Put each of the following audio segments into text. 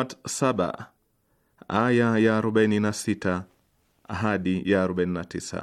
Surat 7 aya ya arobaini na sita hadi ya arobaini na 49.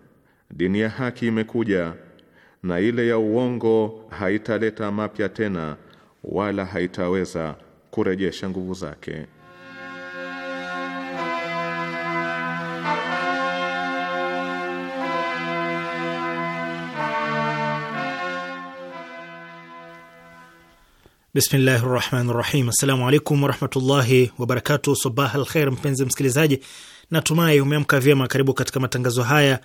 Dini ya haki imekuja na ile ya uongo haitaleta mapya tena wala haitaweza kurejesha nguvu zake. Bismillahi rahmani rahim. Assalamu alaikum warahmatullahi wabarakatuh. Sabah alkheir, mpenzi msikilizaji, natumai umeamka vyema. Karibu katika matangazo haya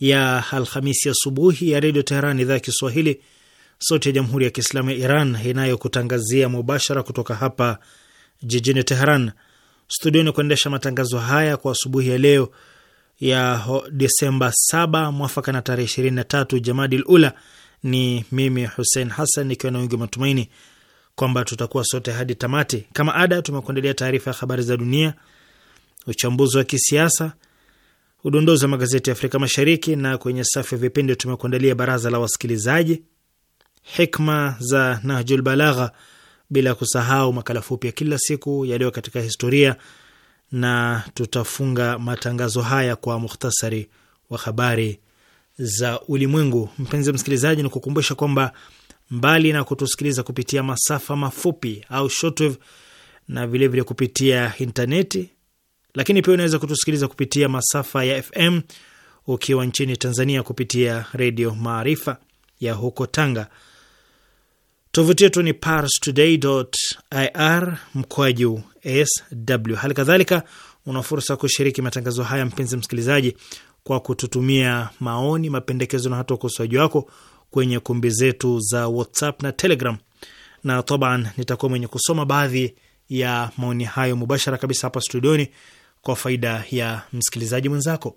ya Alhamisi asubuhi ya, ya Redio Teheran, idhaa ya Kiswahili, sauti ya Jamhuri ya Kiislamu ya Iran inayokutangazia mubashara kutoka hapa jijini Teheran studioni kuendesha matangazo haya kwa asubuhi ya leo ya Desemba 7 mwafaka na tarehe 23 Jamadil Ula. Ni mimi Hussein Hassan nikiwa na wingi wa matumaini kwamba tutakuwa sote hadi tamati. Kama ada, tumekuandalia taarifa ya habari za dunia, uchambuzi wa kisiasa udondozi wa magazeti ya Afrika Mashariki, na kwenye safu ya vipindi tumekuandalia baraza la wasikilizaji, hikma za Nahjul Balagha, bila kusahau makala fupi ya kila siku yaliyo katika historia, na tutafunga matangazo haya kwa muhtasari wa habari za ulimwengu. Mpenzi msikilizaji, ni kukumbusha kwamba mbali na kutusikiliza kupitia masafa mafupi au shortwave na vilevile vile kupitia intaneti lakini pia unaweza kutusikiliza kupitia masafa ya FM ukiwa nchini Tanzania kupitia Redio Maarifa ya huko Tanga. Tovuti yetu ni parstoday.ir mkwaju sw. Hali kadhalika una fursa kushiriki matangazo haya, mpenzi msikilizaji, kwa kututumia maoni, mapendekezo na hata ukosoaji wako kwenye kumbi zetu za WhatsApp na Telegram, na taban nitakuwa mwenye kusoma baadhi ya maoni hayo mubashara kabisa hapa studioni kwa faida ya msikilizaji mwenzako.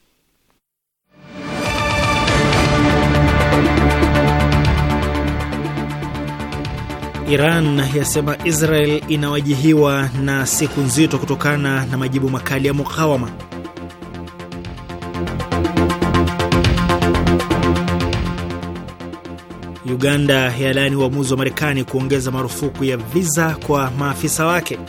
Iran yasema Israel inawajihiwa na siku nzito kutokana na majibu makali ya mukawama. Uganda yalaani uamuzi wa Marekani kuongeza marufuku ya viza kwa maafisa wake.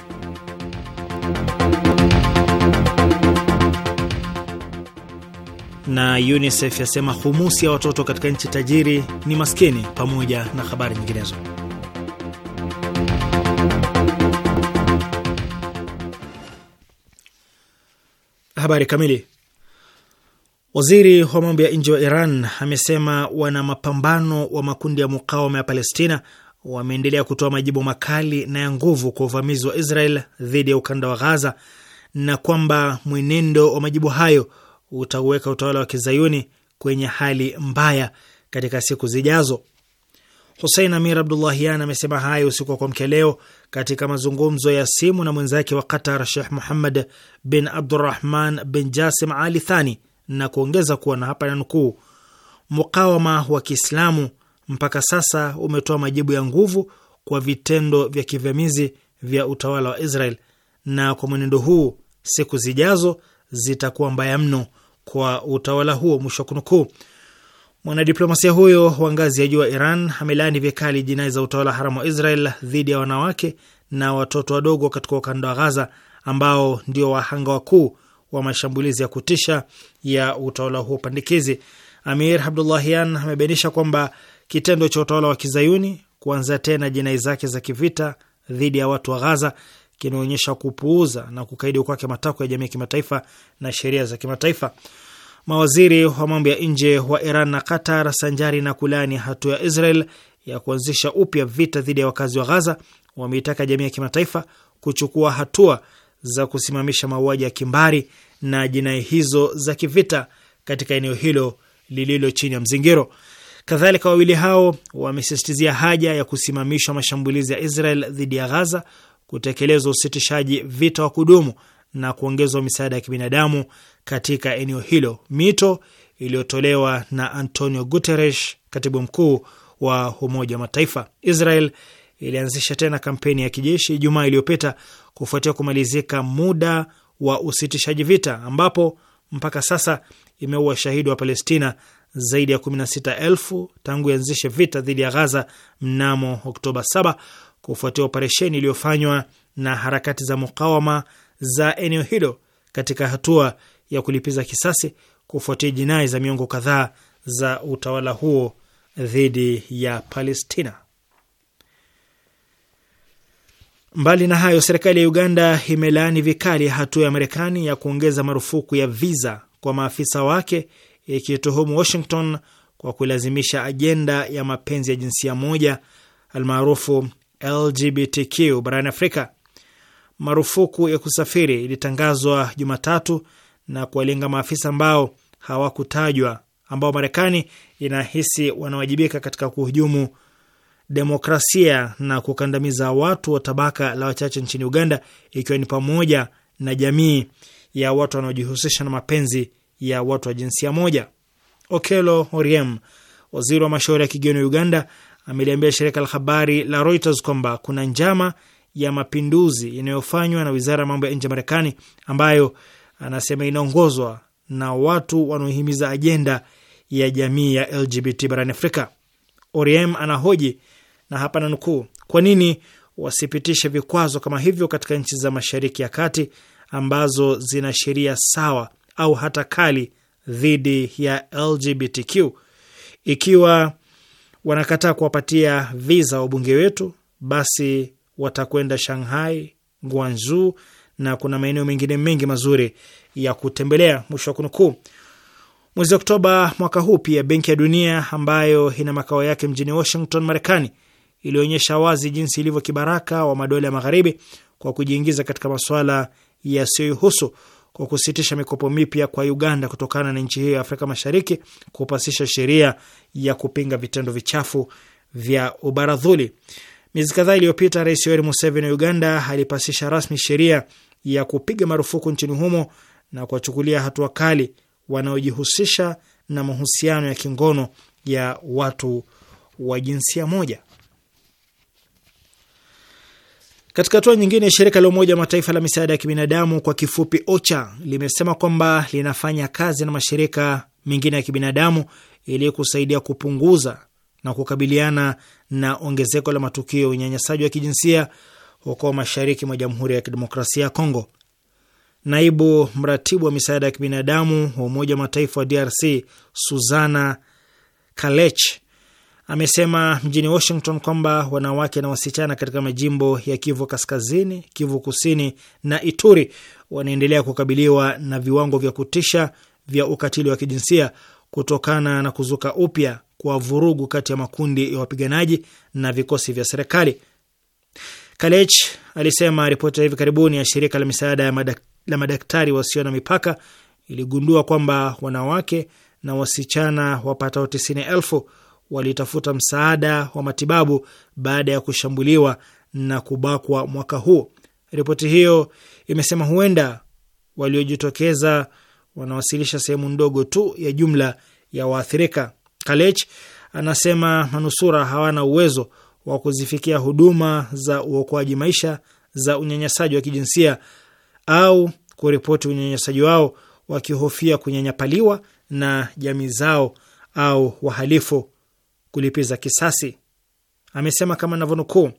Na UNICEF yasema humusi ya watoto katika nchi tajiri ni maskini, pamoja na habari nyinginezo. Habari kamili. Waziri wa mambo ya nje wa Iran amesema wana mapambano wa makundi ya mukawama ya Palestina wameendelea kutoa majibu makali na ya nguvu kwa uvamizi wa Israel dhidi ya ukanda wa Ghaza na kwamba mwenendo wa majibu hayo utauweka utawala wa kizayuni kwenye hali mbaya katika siku zijazo. Husein Amir Abdullahian amesema hayo usiku wa kuamkia leo katika mazungumzo ya simu na mwenzake wa Qatar sheh Muhammad bin Abdurahman bin Jasim Ali Thani na kuongeza kuwa na hapa nanukuu, mukawama wa Kiislamu mpaka sasa umetoa majibu ya nguvu kwa vitendo vya kivamizi vya utawala wa Israel, na kwa mwenendo huu siku zijazo zitakuwa mbaya mno kwa utawala huo, mwisho wa kunukuu. Mwanadiplomasia huyo wa ngazi ya juu wa Iran amelaani vikali jinai za utawala haramu wa Israel dhidi ya wanawake na watoto wadogo katika ukanda wa Ghaza ambao ndio wahanga wakuu wa mashambulizi ya kutisha ya utawala huo pandikizi. Amir Abdullahian amebainisha kwamba kitendo cha utawala wa kizayuni kuanza tena jinai zake za kivita dhidi ya watu wa Ghaza kinaonyesha kupuuza na kukaidi kwake matakwa ya jamii ya kimataifa na sheria za kimataifa. Mawaziri wa mambo ya nje wa Iran na Qatar, sanjari na kulani hatua ya Israel ya kuanzisha upya vita dhidi ya wakazi wa Ghaza, wameitaka jamii ya kimataifa kuchukua hatua za kusimamisha mauaji ya kimbari na jinai hizo za kivita katika eneo hilo lililo chini ya mzingiro. Kadhalika, wawili hao wamesisitizia haja ya kusimamishwa mashambulizi ya Israel dhidi ya Ghaza, kutekelezwa usitishaji vita wa kudumu na kuongezwa misaada ya kibinadamu katika eneo hilo. Mito iliyotolewa na Antonio Guterres, katibu mkuu wa Umoja wa Mataifa. Israel ilianzisha tena kampeni ya kijeshi Ijumaa iliyopita kufuatia kumalizika muda wa usitishaji vita, ambapo mpaka sasa imeua shahidi wa Palestina zaidi ya 16,000 tangu ianzishe vita dhidi ya Ghaza mnamo Oktoba 7 kufuatia operesheni iliyofanywa na harakati za mukawama za eneo hilo katika hatua ya kulipiza kisasi kufuatia jinai za miongo kadhaa za utawala huo dhidi ya Palestina. Mbali na hayo, serikali ya Uganda imelaani vikali hatua ya Marekani ya kuongeza marufuku ya viza kwa maafisa wake ikituhumu Washington kwa kulazimisha ajenda ya mapenzi ya jinsia moja almaarufu LGBTQ barani Afrika marufuku ya kusafiri ilitangazwa Jumatatu na kuwalenga maafisa ambao hawakutajwa ambao Marekani inahisi wanawajibika katika kuhujumu demokrasia na kukandamiza watu wa tabaka la wachache nchini Uganda, ikiwa ni pamoja na jamii ya watu wanaojihusisha na mapenzi ya watu wa jinsia moja. Okelo Oriem, waziri wa mashauri ya kigeni wa Uganda, ameliambia shirika la habari la Reuters kwamba kuna njama ya mapinduzi inayofanywa na wizara ya mambo ya nje ya Marekani, ambayo anasema inaongozwa na watu wanaohimiza ajenda ya jamii ya LGBT barani Afrika. Oriem anahoji na hapa na nukuu, kwa nini wasipitishe vikwazo kama hivyo katika nchi za Mashariki ya Kati ambazo zina sheria sawa au hata kali dhidi ya LGBTQ? Ikiwa wanakataa kuwapatia viza wabunge wetu, basi watakwenda Shanghai, Guangzhou na kuna maeneo mengine mengi mazuri ya kutembelea. Mwisho wa kunukuu. Mwezi Oktoba mwaka huu pia Benki ya Dunia ambayo ina makao yake mjini Washington, Marekani, ilionyesha wazi jinsi ilivyo kibaraka wa madola ya Magharibi kwa kujiingiza katika masuala yasiyohusu kwa kusitisha mikopo mipya kwa Uganda kutokana na nchi hiyo ya Afrika Mashariki kupasisha sheria ya kupinga vitendo vichafu vya ubaradhuli. Miezi kadhaa iliyopita, Rais Yoweri Museveni wa Uganda alipasisha rasmi sheria ya kupiga marufuku nchini humo na kuwachukulia hatua kali wanaojihusisha na mahusiano ya kingono ya watu wa jinsia moja. Katika hatua nyingine, shirika la Umoja wa Mataifa la misaada ya kibinadamu kwa kifupi OCHA limesema kwamba linafanya kazi na mashirika mengine ya kibinadamu ili kusaidia kupunguza na kukabiliana na ongezeko la matukio ya unyanyasaji wa kijinsia huko mashariki mwa Jamhuri ya Kidemokrasia ya Kongo. Naibu mratibu wa misaada ya kibinadamu wa Umoja wa Mataifa wa DRC Suzana Kalech amesema mjini Washington kwamba wanawake na wasichana katika majimbo ya Kivu Kaskazini, Kivu Kusini na Ituri wanaendelea kukabiliwa na viwango vya kutisha vya ukatili wa kijinsia kutokana na kuzuka upya kwa vurugu kati ya makundi ya wapiganaji na vikosi vya serikali. Kalech alisema ripoti ya hivi karibuni ya shirika la misaada ya madak la madaktari wasio na mipaka iligundua kwamba wanawake na wasichana wapatao tisini elfu walitafuta msaada wa matibabu baada ya kushambuliwa na kubakwa mwaka huu. Ripoti hiyo imesema huenda waliojitokeza wanawasilisha sehemu ndogo tu ya jumla ya waathirika. Kalech anasema manusura hawana uwezo wa kuzifikia huduma za uokoaji maisha za unyanyasaji wa kijinsia au kuripoti unyanyasaji wao wakihofia kunyanyapaliwa na jamii zao au wahalifu kulipiza kisasi. Amesema kama navyonukuu,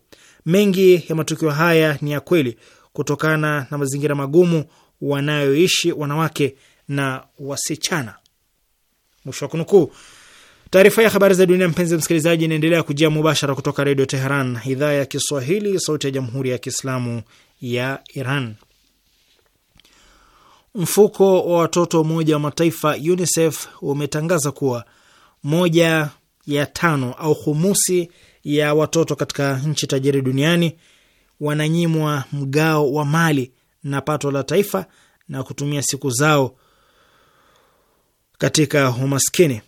mengi ya matukio haya ni ya kweli kutokana na mazingira magumu wanayoishi wanawake na wasichana, mwisho wa kunukuu. Taarifa ya habari za dunia, mpenzi msikilizaji, inaendelea kujia mubashara kutoka Redio Teheran, idhaa ya Kiswahili, sauti ya Jamhuri ya Kiislamu ya Iran. Mfuko wa watoto wa Umoja wa Mataifa UNICEF umetangaza kuwa moja ya tano au humusi ya watoto katika nchi tajiri duniani wananyimwa mgao wa mali na pato la taifa na kutumia siku zao katika umaskini.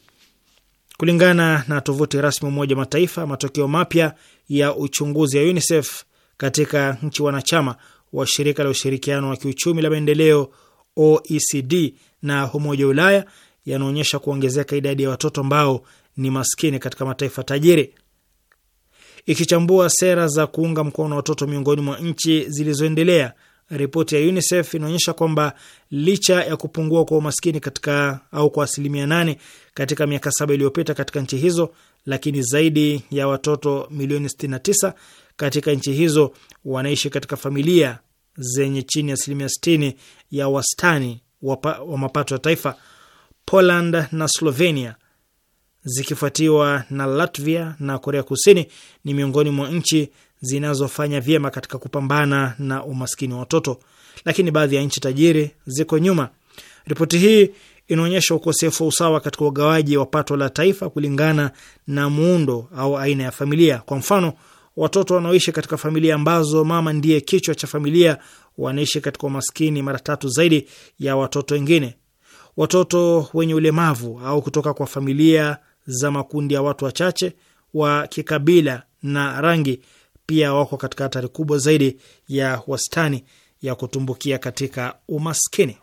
Kulingana na tovuti rasmi Umoja wa Mataifa, matokeo mapya ya uchunguzi ya UNICEF katika nchi wanachama wa shirika la ushirikiano wa kiuchumi la maendeleo OECD na Umoja wa Ulaya yanaonyesha kuongezeka idadi ya watoto ambao ni maskini katika mataifa tajiri. Ikichambua sera za kuunga mkono watoto miongoni mwa nchi zilizoendelea, Ripoti ya UNICEF inaonyesha kwamba licha ya kupungua kwa umaskini katika au kwa asilimia nane katika miaka saba iliyopita katika nchi hizo, lakini zaidi ya watoto milioni 69 katika nchi hizo wanaishi katika familia zenye chini ya asilimia 60 ya wastani wa, wa mapato ya taifa. Poland na Slovenia zikifuatiwa na Latvia na Korea Kusini ni miongoni mwa nchi zinazofanya vyema katika kupambana na umaskini wa watoto, lakini baadhi ya nchi tajiri ziko nyuma. Ripoti hii inaonyesha ukosefu wa usawa katika ugawaji wa pato la taifa kulingana na muundo au aina ya familia. Kwa mfano, watoto wanaoishi katika familia ambazo mama ndiye kichwa cha familia wanaishi katika umaskini mara tatu zaidi ya watoto wengine. Watoto wenye ulemavu au kutoka kwa familia za makundi ya watu wachache wa kikabila na rangi pia wako katika hatari kubwa zaidi ya wastani ya kutumbukia katika umaskini.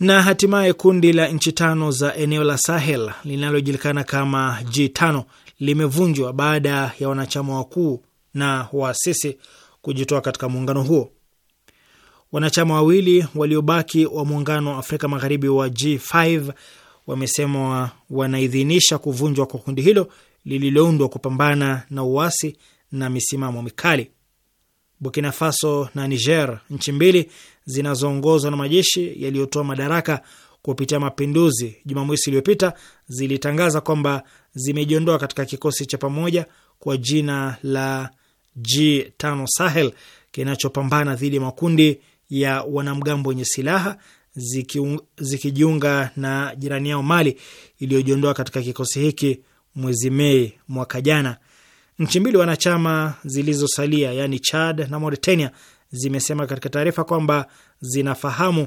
Na hatimaye kundi la nchi tano za eneo la Sahel linalojulikana kama G5 limevunjwa baada ya wanachama wakuu na waasisi kujitoa katika muungano huo. Wanachama wawili waliobaki wa muungano wa Afrika Magharibi wa G5 wamesema wanaidhinisha kuvunjwa kwa kundi hilo lililoundwa kupambana na uasi na misimamo mikali. Burkina Faso na Niger, nchi mbili zinazoongozwa na majeshi yaliyotoa madaraka kupitia mapinduzi, Jumamosi iliyopita zilitangaza kwamba zimejiondoa katika kikosi cha pamoja kwa jina la G5 Sahel kinachopambana dhidi ya makundi ya wanamgambo wenye silaha zikijiunga na jirani yao Mali iliyojiondoa katika kikosi hiki mwezi Mei mwaka jana. Nchi mbili wanachama zilizosalia yani Chad na Mauritania zimesema katika taarifa kwamba zinafahamu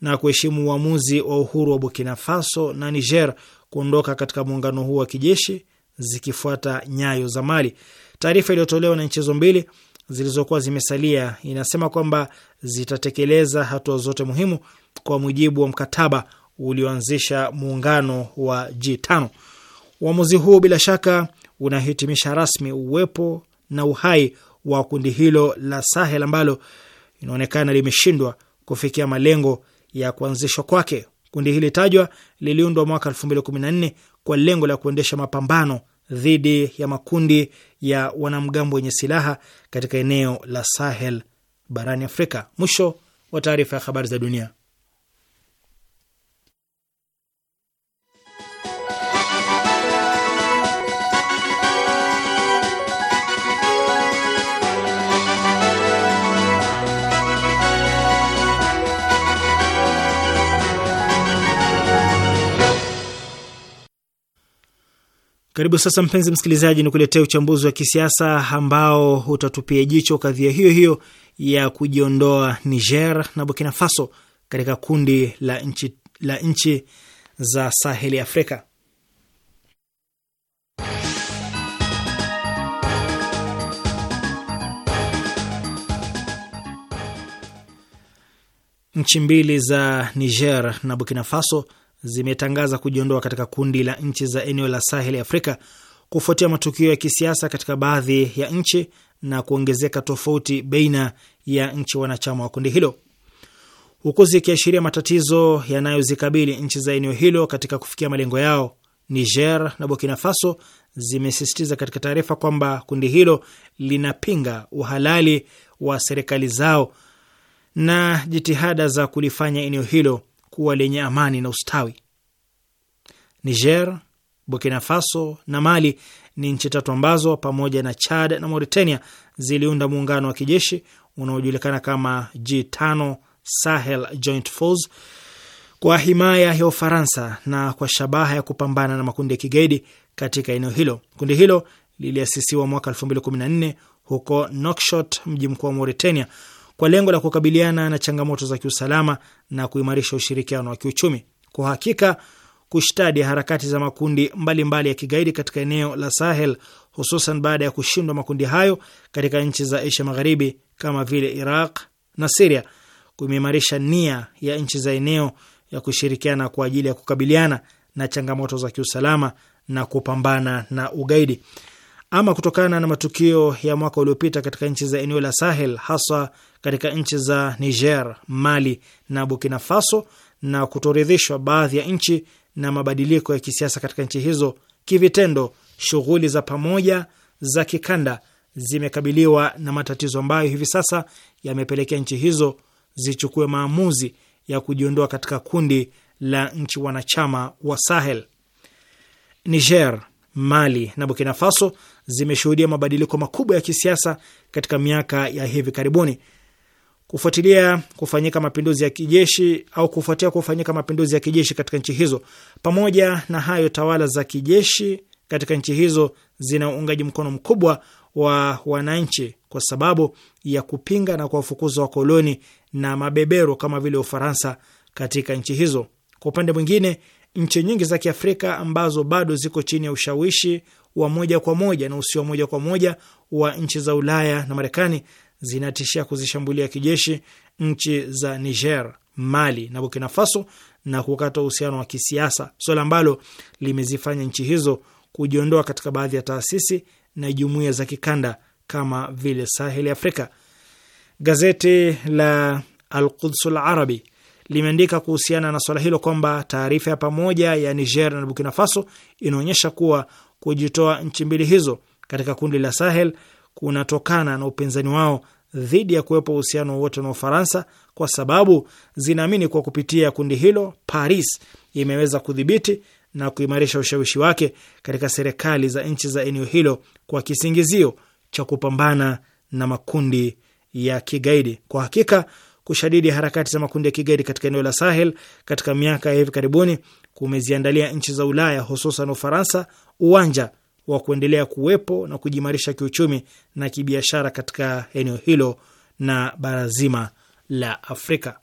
na kuheshimu uamuzi wa uhuru wa Burkina Faso na Niger kuondoka katika muungano huo wa kijeshi zikifuata nyayo za Mali. Taarifa iliyotolewa na nchi hizo mbili zilizokuwa zimesalia inasema kwamba zitatekeleza hatua zote muhimu kwa mujibu wa mkataba ulioanzisha muungano wa G5. Uamuzi huu bila shaka unahitimisha rasmi uwepo na uhai wa kundi hilo la Sahel ambalo inaonekana limeshindwa kufikia malengo ya kuanzishwa kwake. Kundi hili tajwa liliundwa mwaka 2014 kwa lengo la kuendesha mapambano dhidi ya makundi ya wanamgambo wenye silaha katika eneo la Sahel barani Afrika. Mwisho wa taarifa ya habari za dunia. Karibu sasa, mpenzi msikilizaji, ni kuletea uchambuzi wa kisiasa ambao utatupia jicho kadhia hiyo hiyo ya kujiondoa Niger na Burkina Faso katika kundi la nchi, la nchi za Saheli Afrika. Nchi mbili za Niger na Burkina Faso zimetangaza kujiondoa katika kundi la nchi za eneo la Sahel Afrika kufuatia matukio ya kisiasa katika baadhi ya nchi na kuongezeka tofauti baina ya nchi wanachama wa kundi hilo, huku zikiashiria matatizo yanayozikabili nchi za eneo hilo katika kufikia malengo yao. Niger na Burkina Faso zimesisitiza katika taarifa kwamba kundi hilo linapinga uhalali wa serikali zao na jitihada za kulifanya eneo hilo kuwa lenye amani na ustawi. Niger, Burkina Faso na Mali ni nchi tatu ambazo pamoja na Chad na Mauritania ziliunda muungano wa kijeshi unaojulikana kama G5 Sahel Joint Force kwa himaya ya Ufaransa na kwa shabaha ya kupambana na makundi ya kigaidi katika eneo hilo. Kundi hilo liliasisiwa mwaka 2014 huko Nokshot, mji mkuu wa Mauritania, kwa lengo la kukabiliana na changamoto za kiusalama na kuimarisha ushirikiano wa kiuchumi. Kwa hakika kushtadi harakati za makundi mbalimbali mbali ya kigaidi katika eneo la Sahel, hususan baada ya kushindwa makundi hayo katika nchi za Asia Magharibi kama vile Iraq na Siria kumeimarisha nia ya nchi za eneo ya kushirikiana kwa ajili ya kukabiliana na changamoto za kiusalama na kupambana na ugaidi. Ama kutokana na matukio ya mwaka uliopita katika nchi za eneo la Sahel, haswa katika nchi za Niger, Mali na Burkina Faso na kutoridhishwa baadhi ya nchi na mabadiliko ya kisiasa katika nchi hizo. Kivitendo, shughuli za pamoja za kikanda zimekabiliwa na matatizo ambayo hivi sasa yamepelekea nchi hizo zichukue maamuzi ya kujiondoa katika kundi la nchi wanachama wa Sahel. Niger, Mali na Burkina Faso zimeshuhudia mabadiliko makubwa ya kisiasa katika miaka ya hivi karibuni kufuatilia kufanyika mapinduzi ya kijeshi au kufuatia kufanyika mapinduzi ya kijeshi katika nchi hizo. Pamoja na hayo, tawala za kijeshi katika nchi hizo zina uungaji mkono mkubwa wa wananchi kwa sababu ya kupinga na kuwafukuza wakoloni na mabeberu kama vile Ufaransa katika nchi hizo. Kwa upande mwingine, nchi nyingi za Kiafrika ambazo bado ziko chini ya ushawishi wa moja kwa moja na usio moja kwa moja wa nchi za Ulaya na Marekani zinatishia kuzishambulia kijeshi nchi za Niger, Mali na Burkina Faso na kukata uhusiano wa kisiasa, suala ambalo limezifanya nchi hizo kujiondoa katika baadhi ya taasisi na jumuiya za kikanda kama vile Saheli Afrika. Gazeti la Al-Quds limeandika kuhusiana na swala hilo kwamba taarifa ya pamoja ya Niger na Burkina Faso inaonyesha kuwa kujitoa nchi mbili hizo katika kundi la Sahel kunatokana na upinzani wao dhidi ya kuwepo uhusiano wowote na Ufaransa, kwa sababu zinaamini kwa kupitia kundi hilo Paris imeweza kudhibiti na kuimarisha ushawishi wake katika serikali za nchi za eneo hilo kwa kisingizio cha kupambana na makundi ya kigaidi. Kwa hakika kushadidi harakati za makundi ya kigaidi katika eneo la Sahel katika miaka ya hivi karibuni kumeziandalia nchi za Ulaya hususan Ufaransa uwanja wa kuendelea kuwepo na kujimarisha kiuchumi na kibiashara katika eneo hilo na bara zima la Afrika.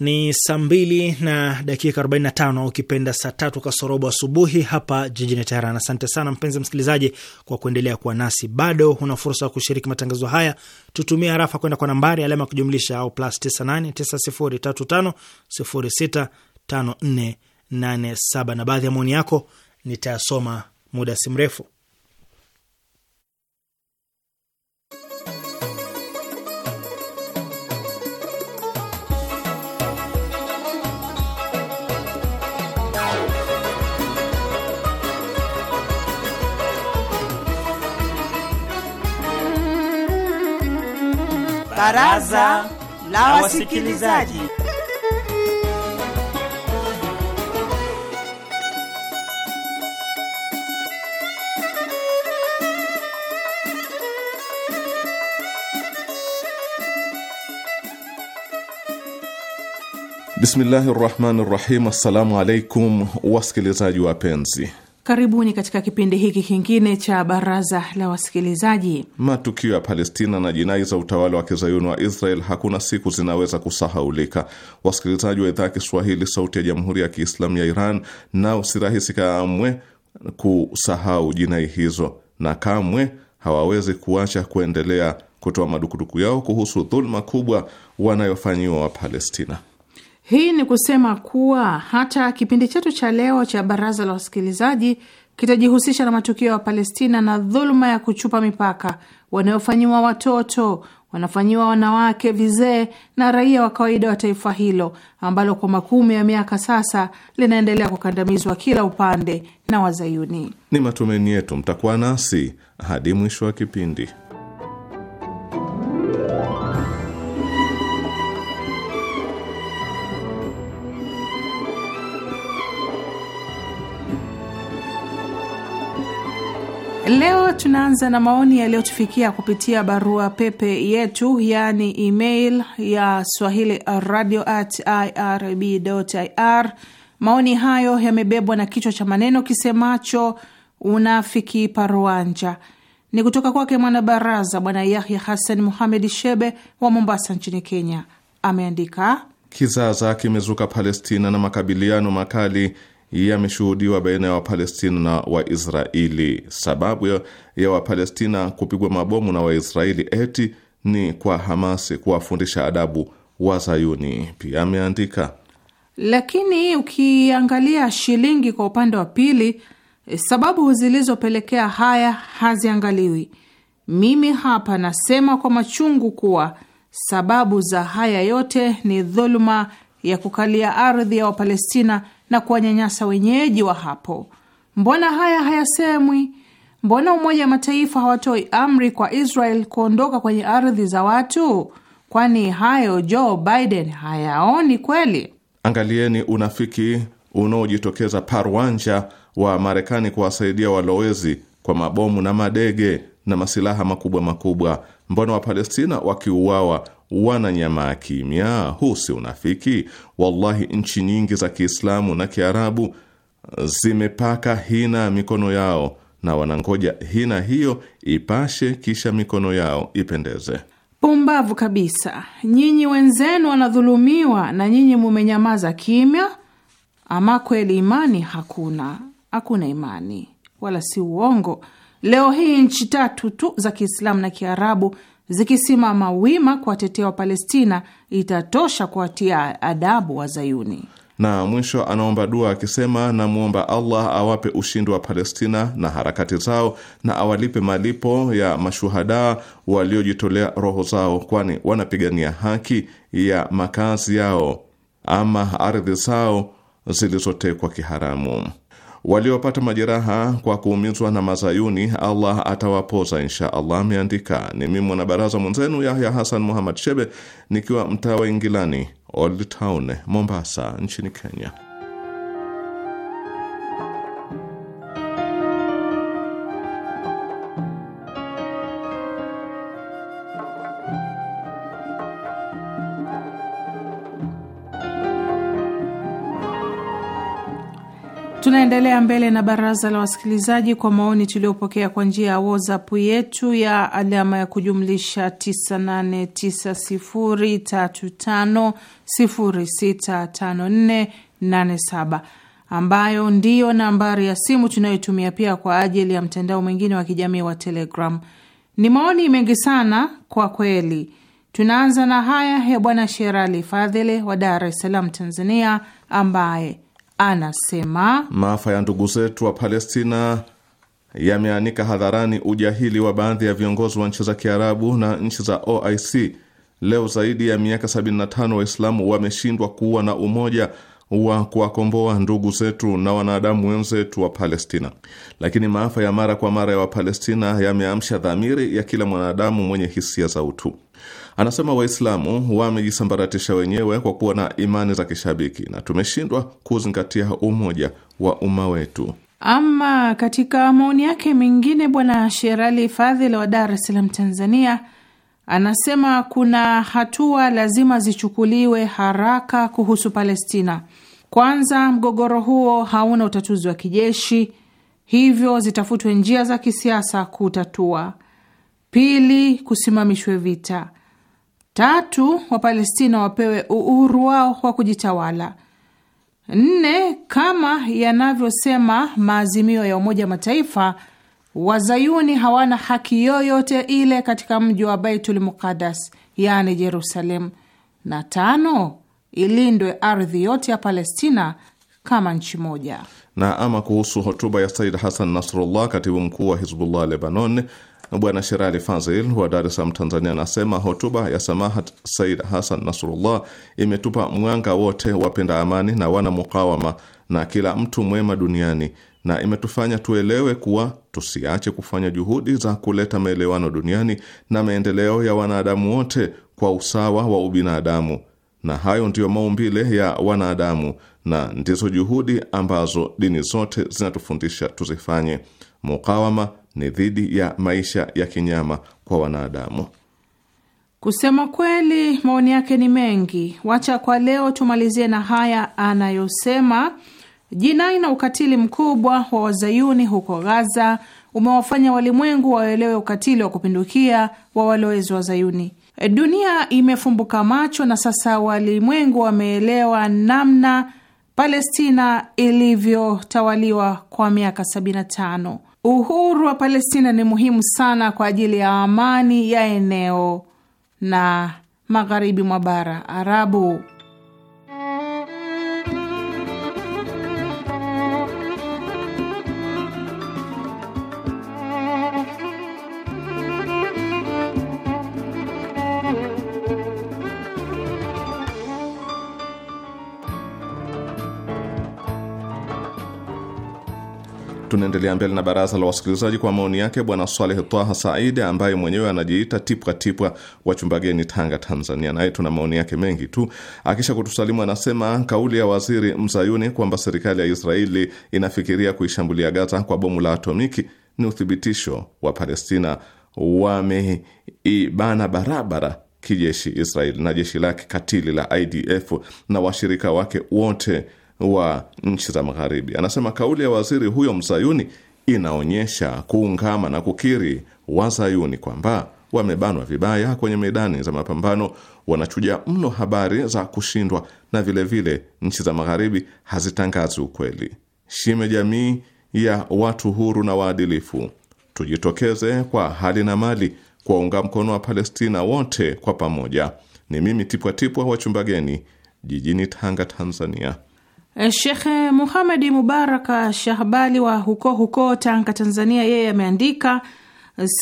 ni saa mbili na dakika 45 ukipenda saa tatu kasorobo asubuhi hapa jijini Teheran. Asante sana mpenzi msikilizaji kwa kuendelea kuwa nasi. Bado una fursa ya kushiriki matangazo haya, tutumia harafa kwenda kwa nambari alama ya kujumlisha au plus 989035065487 na baadhi ya maoni yako nitayasoma muda si mrefu. Baraza la Wasikilizaji. Bismillahi rahmani rahim. Assalamu alaikum wasikilizaji wapenzi, Karibuni katika kipindi hiki kingine cha baraza la wasikilizaji. Matukio ya Palestina na jinai za utawala wa kizayuni wa Israel hakuna siku zinaweza kusahaulika. Wasikilizaji wa idhaa ya Kiswahili sauti ya jamhuri ya Kiislamu ya Iran, nao si rahisi kamwe kusahau jinai hizo, na kamwe hawawezi kuacha kuendelea kutoa madukuduku yao kuhusu dhuluma kubwa wanayofanyiwa Wapalestina. Hii ni kusema kuwa hata kipindi chetu cha leo cha baraza la wasikilizaji kitajihusisha na matukio ya Palestina na dhuluma ya kuchupa mipaka wanayofanyiwa watoto, wanafanyiwa wanawake, vizee na raia wa kawaida wa taifa hilo ambalo kwa makumi ya miaka sasa linaendelea kukandamizwa kila upande na Wazayuni. Ni matumaini yetu mtakuwa nasi hadi mwisho wa kipindi. tunaanza na maoni yaliyotufikia kupitia barua pepe yetu, yaani email ya swahili radio at irib ir. Maoni hayo yamebebwa na kichwa cha maneno kisemacho unafiki paruanja. Ni kutoka kwake mwanabaraza Bwana Yahya Hassan Muhamed Shebe wa Mombasa nchini Kenya. Ameandika, kizaza kimezuka Palestina na makabiliano makali yameshuhudiwa baina ya Wapalestina na Waisraeli. Sababu ya Wapalestina kupigwa mabomu na Waisraeli eti ni kwa Hamasi kuwafundisha adabu Wazayuni, pia ameandika. Lakini ukiangalia shilingi kwa upande wa pili, sababu zilizopelekea haya haziangaliwi. Mimi hapa nasema kwa machungu kuwa sababu za haya yote ni dhuluma ya kukalia ardhi ya Wapalestina na kuwanyanyasa wenyeji wa hapo. Mbona haya hayasemwi? Mbona Umoja wa Mataifa hawatoi amri kwa Israel kuondoka kwenye ardhi za watu? Kwani hayo Joe Biden hayaoni kweli? Angalieni unafiki unaojitokeza parwanja wa Marekani kuwasaidia walowezi kwa mabomu na madege na masilaha makubwa makubwa. Mbona Wapalestina wakiuawa wananyamaa kimya, huu si unafiki? Wallahi, nchi nyingi za Kiislamu na Kiarabu zimepaka hina mikono yao na wanangoja hina hiyo ipashe, kisha mikono yao ipendeze. Pumbavu kabisa! Nyinyi wenzenu wanadhulumiwa na nyinyi mumenyamaza kimya. Ama kweli imani hakuna, hakuna imani, wala si uongo. Leo hii nchi tatu tu za Kiislamu na Kiarabu zikisimama wima kuwatetea Wapalestina itatosha kuwatia adabu Wazayuni. Na mwisho anaomba dua akisema, namwomba Allah awape ushindi wa Palestina na harakati zao na awalipe malipo ya mashuhadaa waliojitolea roho zao, kwani wanapigania haki ya makazi yao ama ardhi zao zilizotekwa kiharamu. Waliopata majeraha kwa kuumizwa na mazayuni Allah atawapoza insha Allah. Ameandika ni mimi mwanabaraza mwenzenu Yahya Hasan Muhammad Shebe nikiwa mtaa wa Ingilani, Old Town, Mombasa nchini Kenya. Tunaendelea mbele na baraza la wasikilizaji kwa maoni tuliopokea kwa njia ya WhatsApp yetu ya alama ya kujumlisha 989035065487 ambayo ndiyo nambari ya simu tunayoitumia pia kwa ajili ya mtandao mwingine wa kijamii wa Telegram. Ni maoni mengi sana kwa kweli. Tunaanza na haya ya Bwana Sherali Fadhili wa Dar es Salaam, Tanzania, ambaye anasema maafa ya ndugu zetu wa Palestina yameanika hadharani ujahili wa baadhi ya viongozi wa nchi za Kiarabu na nchi za OIC. Leo zaidi ya miaka 75 Waislamu wameshindwa kuwa na umoja wa kuwakomboa ndugu zetu na wanadamu wenzetu wa Palestina, lakini maafa ya mara kwa mara ya Wapalestina yameamsha dhamiri ya kila mwanadamu mwenye hisia za utu. Anasema Waislamu wamejisambaratisha wenyewe kwa kuwa na imani za kishabiki na tumeshindwa kuzingatia umoja wa umma wetu. Ama katika maoni yake mengine, Bwana Sherali Fadhil wa Dar es Salaam, Tanzania Anasema kuna hatua lazima zichukuliwe haraka kuhusu Palestina. Kwanza, mgogoro huo hauna utatuzi wa kijeshi, hivyo zitafutwe njia za kisiasa kutatua. Pili, kusimamishwe vita. Tatu, Wapalestina wapewe uhuru wao wa kujitawala. Nne, kama yanavyosema maazimio ya Umoja wa Mataifa Wazayuni hawana haki yoyote ile katika mji wa Baitul Muqaddas, yaani Jerusalem. Na tano, ilindwe ardhi yote ya Palestina kama nchi moja. Na ama kuhusu hotuba ya Said Hassan Nasrullah, katibu mkuu wa Hizbullah Lebanon, Bwana Sherali Fazil wa Dar es Salaam, Tanzania, anasema hotuba ya Samahat Said Hassan Nasrullah imetupa mwanga wote wapenda amani na wana mukawama na kila mtu mwema duniani na imetufanya tuelewe kuwa tusiache kufanya juhudi za kuleta maelewano duniani na maendeleo ya wanadamu wote kwa usawa wa ubinadamu, na hayo ndiyo maumbile ya wanadamu na ndizo juhudi ambazo dini zote zinatufundisha tuzifanye. Mukawama ni dhidi ya maisha ya kinyama kwa wanadamu. Kusema kweli, maoni yake ni mengi. Wacha kwa leo tumalizie na haya anayosema Jinai na ukatili mkubwa wa wazayuni huko gaza umewafanya walimwengu waelewe ukatili wa kupindukia wa walowezi wazayuni. Dunia imefumbuka macho na sasa walimwengu wameelewa namna Palestina ilivyotawaliwa kwa miaka 75. Uhuru wa Palestina ni muhimu sana kwa ajili ya amani ya eneo na magharibi mwa bara Arabu. Tunaendelea mbele na baraza la wasikilizaji kwa maoni yake Bwana Swaleh Twaha Said ambaye mwenyewe anajiita tipwa tipwa wa Chumbageni, Tanga, Tanzania. Naye tuna maoni yake mengi tu. Akisha kutusalimu, anasema kauli ya waziri mzayuni kwamba serikali ya Israeli inafikiria kuishambulia Gaza kwa bomu la atomiki ni uthibitisho wa Palestina wameibana barabara kijeshi Israeli na jeshi lake katili la IDF na washirika wake wote wa nchi za Magharibi. Anasema kauli ya waziri huyo mzayuni inaonyesha kuungama na kukiri wazayuni kwamba wamebanwa vibaya kwenye medani za mapambano, wanachuja mno habari za kushindwa, na vilevile vile nchi za Magharibi hazitangazi ukweli. Shime jamii ya watu huru na waadilifu, tujitokeze kwa hali na mali kuwaunga mkono wa Palestina wote kwa pamoja. Ni mimi Tipwatipwa wa Chumbageni jijini Tanga, Tanzania. Eh, Shekhe eh, Muhamedi Mubaraka eh, Shahbali wa huko huko Tanga, Tanzania, yeye ameandika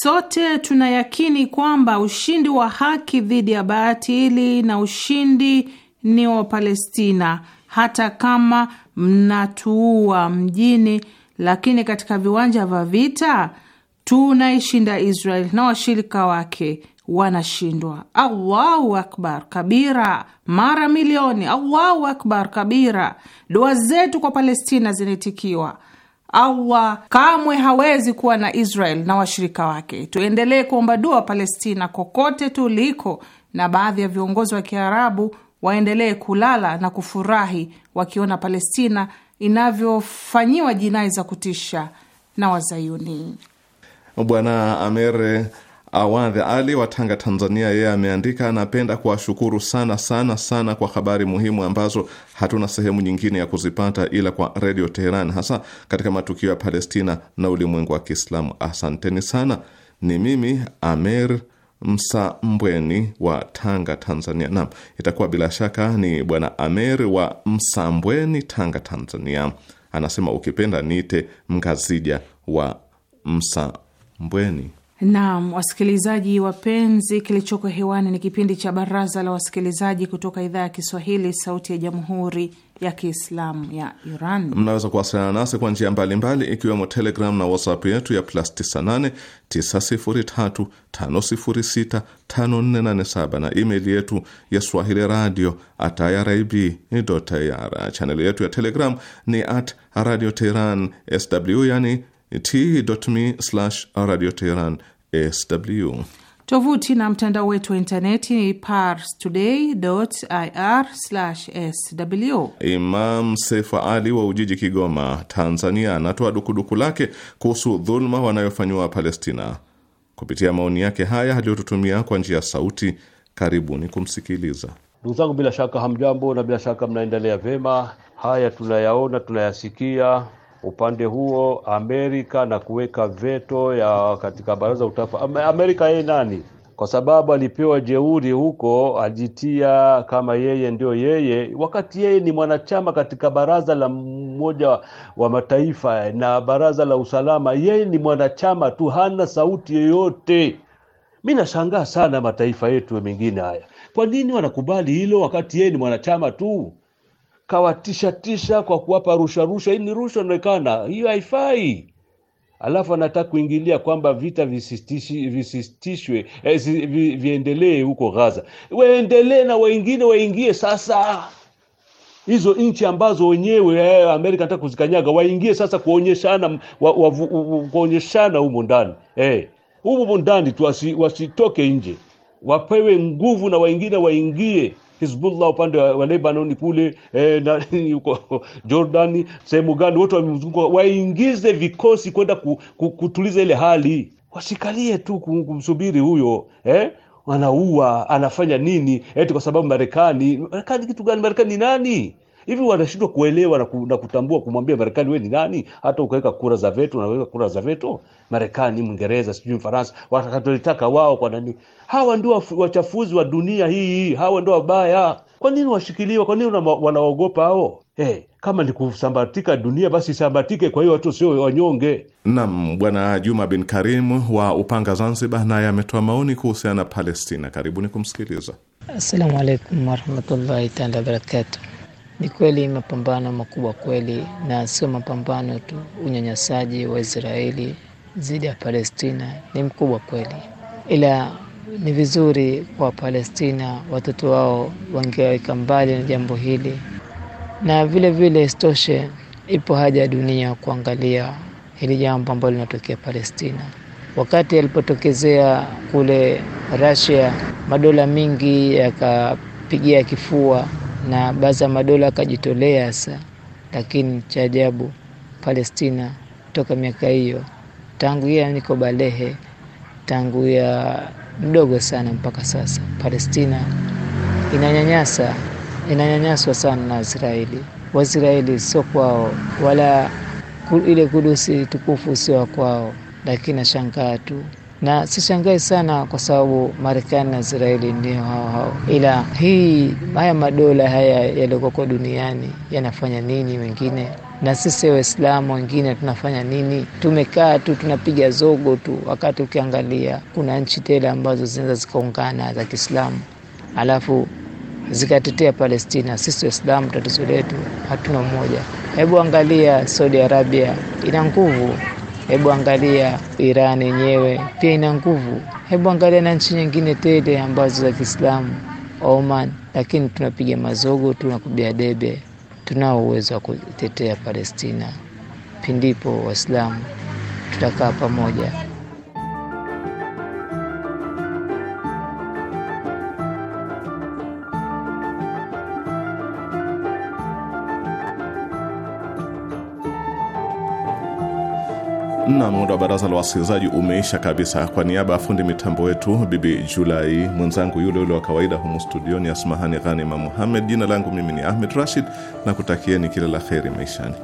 sote tunayakini kwamba ushindi wa haki dhidi ya ili na ushindi ni wa Palestina, hata kama mnatuua mjini, lakini katika viwanja vya vita tunaishinda Israel na washirika wake wanashindwa. Allahu akbar kabira, mara milioni. Allahu akbar kabira. Dua zetu kwa Palestina zinaitikiwa. Allah kamwe hawezi kuwa na Israel na washirika wake. Tuendelee kuomba dua Palestina kokote tuliko, na baadhi ya viongozi wa Kiarabu waendelee kulala na kufurahi wakiona Palestina inavyofanyiwa jinai za kutisha na Wazayuni. Bwana Amere Awadhi Ali wa Tanga, Tanzania, yeye ameandika, anapenda kuwashukuru sana sana sana kwa habari muhimu ambazo hatuna sehemu nyingine ya kuzipata ila kwa Redio Teheran, hasa katika matukio ya Palestina na ulimwengu wa Kiislamu. Asanteni sana. Ni mimi Amer Msambweni wa Tanga, Tanzania. Naam, itakuwa bila shaka ni Bwana Amer wa Msambweni, Tanga, Tanzania. Anasema ukipenda niite Mngazija wa Msambweni. Naam, wasikilizaji wapenzi, kilichoko hewani ni kipindi cha Baraza la Wasikilizaji kutoka idhaa ya Kiswahili, Sauti ya Jamhuri ya Kiislamu ya Iran. Mnaweza kuwasiliana nasi kwa njia mbalimbali, ikiwemo Telegram na WhatsApp yetu ya plus 98 na email yetu ya swahili radio at irib Chaneli yetu ya Telegram ni at radio teheran sw, yani t.me Tovuti na mtandao wetu wa intaneti ni today sw. Imam Sefa Ali wa Ujiji, Kigoma, Tanzania, anatoa dukuduku lake kuhusu dhuluma wanayofanyiwa Palestina kupitia maoni yake haya aliyotutumia kwa njia ya sauti. Karibuni kumsikiliza. Ndugu zangu, bila shaka hamjambo, na bila shaka mnaendelea vyema. Haya tunayaona tunayasikia upande huo Amerika na kuweka veto ya katika baraza utafa. Amerika yeye nani? Kwa sababu alipewa jeuri huko, ajitia kama yeye ndio yeye, wakati yeye ni mwanachama katika baraza la mmoja wa mataifa na baraza la usalama. Yeye ni mwanachama tu, hana sauti yoyote. Mi nashangaa sana mataifa yetu mengine haya, kwa nini wanakubali hilo wakati yeye ni mwanachama tu? tisha kwa kuwapa rusha rusha. Hii ni rushwa inaonekana, hiyo haifai. Alafu anataka kuingilia kwamba vita visisitishwe, eh, viendelee huko Gaza, waendelee na wengine waingie sasa hizo nchi ambazo wenyewe eh, Amerika anataka kuzikanyaga waingie sasa, kuonyeshana kuonyeshana humo ndani eh, humo ndani tu, wasitoke nje, wapewe nguvu na wengine waingie Hizbullah upande wa Lebanon kule eh, uko Jordani sehemu gani, wote wamemzunguka, waingize vikosi kwenda ku, ku, kutuliza ile hali, wasikalie tu kumsubiri huyo eh? Anaua anafanya nini eti kwa sababu Marekani? Marekani kitu gani? Marekani ni nani? hivi wanashindwa kuelewa na, ku, na kutambua kumwambia Marekani wewe ni nani, hata ukaweka kura za veto, unaweka kura za veto Marekani, Mwingereza, sijui Mfaransa, watakatolitaka wao kwa nani? Hawa ndio wachafuzi wa dunia hii, hawa ndio wabaya. Kwa nini washikiliwa? Kwa nini wanaogopa hao? Hey, eh, kama ni kusambatika dunia basi sambatike. Kwa hiyo watu sio wanyonge. Naam, Bwana Juma bin karimu wa Upanga, Zanzibar, naye ametoa maoni kuhusiana na Palestina. Karibuni kumsikiliza. Assalamu alaikum warahmatullahi taala wabarakatuh. Ni kweli mapambano makubwa kweli, na sio mapambano tu. Unyanyasaji wa Israeli dhidi ya Palestina ni mkubwa kweli, ila ni vizuri kwa Palestina watoto wao wangeweka mbali na jambo hili, na vile vile isitoshe, ipo haja ya dunia kuangalia hili jambo ambalo linatokea Palestina. Wakati alipotokezea kule Russia, madola mingi yakapigia kifua na baadhi ya madola akajitolea hasa, lakini cha ajabu Palestina toka miaka hiyo tangu ya niko balehe tangu ya mdogo sana mpaka sasa, Palestina inanyanyasa inanyanyaswa sana na Israeli. Waisraeli sio kwao, wala ile Kudusi tukufu sio kwao, lakini nashangaa tu na sishangai sana kwa sababu Marekani na Israeli ndio hao hao, ila hii haya madola haya yaliyoko duniani yanafanya nini wengine na sisi Waislamu wengine tunafanya nini? Tumekaa tu tunapiga zogo tu, wakati ukiangalia kuna nchi tele ambazo zinaweza zikaungana za Kiislamu alafu zikatetea Palestina. Sisi Waislamu tatizo letu hatuna umoja. Hebu angalia Saudi Arabia ina nguvu Hebu angalia Iran yenyewe pia ina nguvu. Hebu angalia na nchi nyingine tele ambazo za Kiislamu, Oman, lakini tunapiga mazogo, tunakubia debe. Tunao uwezo wa kutetea Palestina pindipo Waislamu tutakaa pamoja. na muda wa baraza la wasikilizaji umeisha kabisa. Kwa niaba ya fundi mitambo wetu Bibi Julai, mwenzangu yule yule wa kawaida humu studioni Asmahani Ghanima Muhammed, jina langu mimi ni Ahmed Rashid na kutakieni kila la kheri maishani.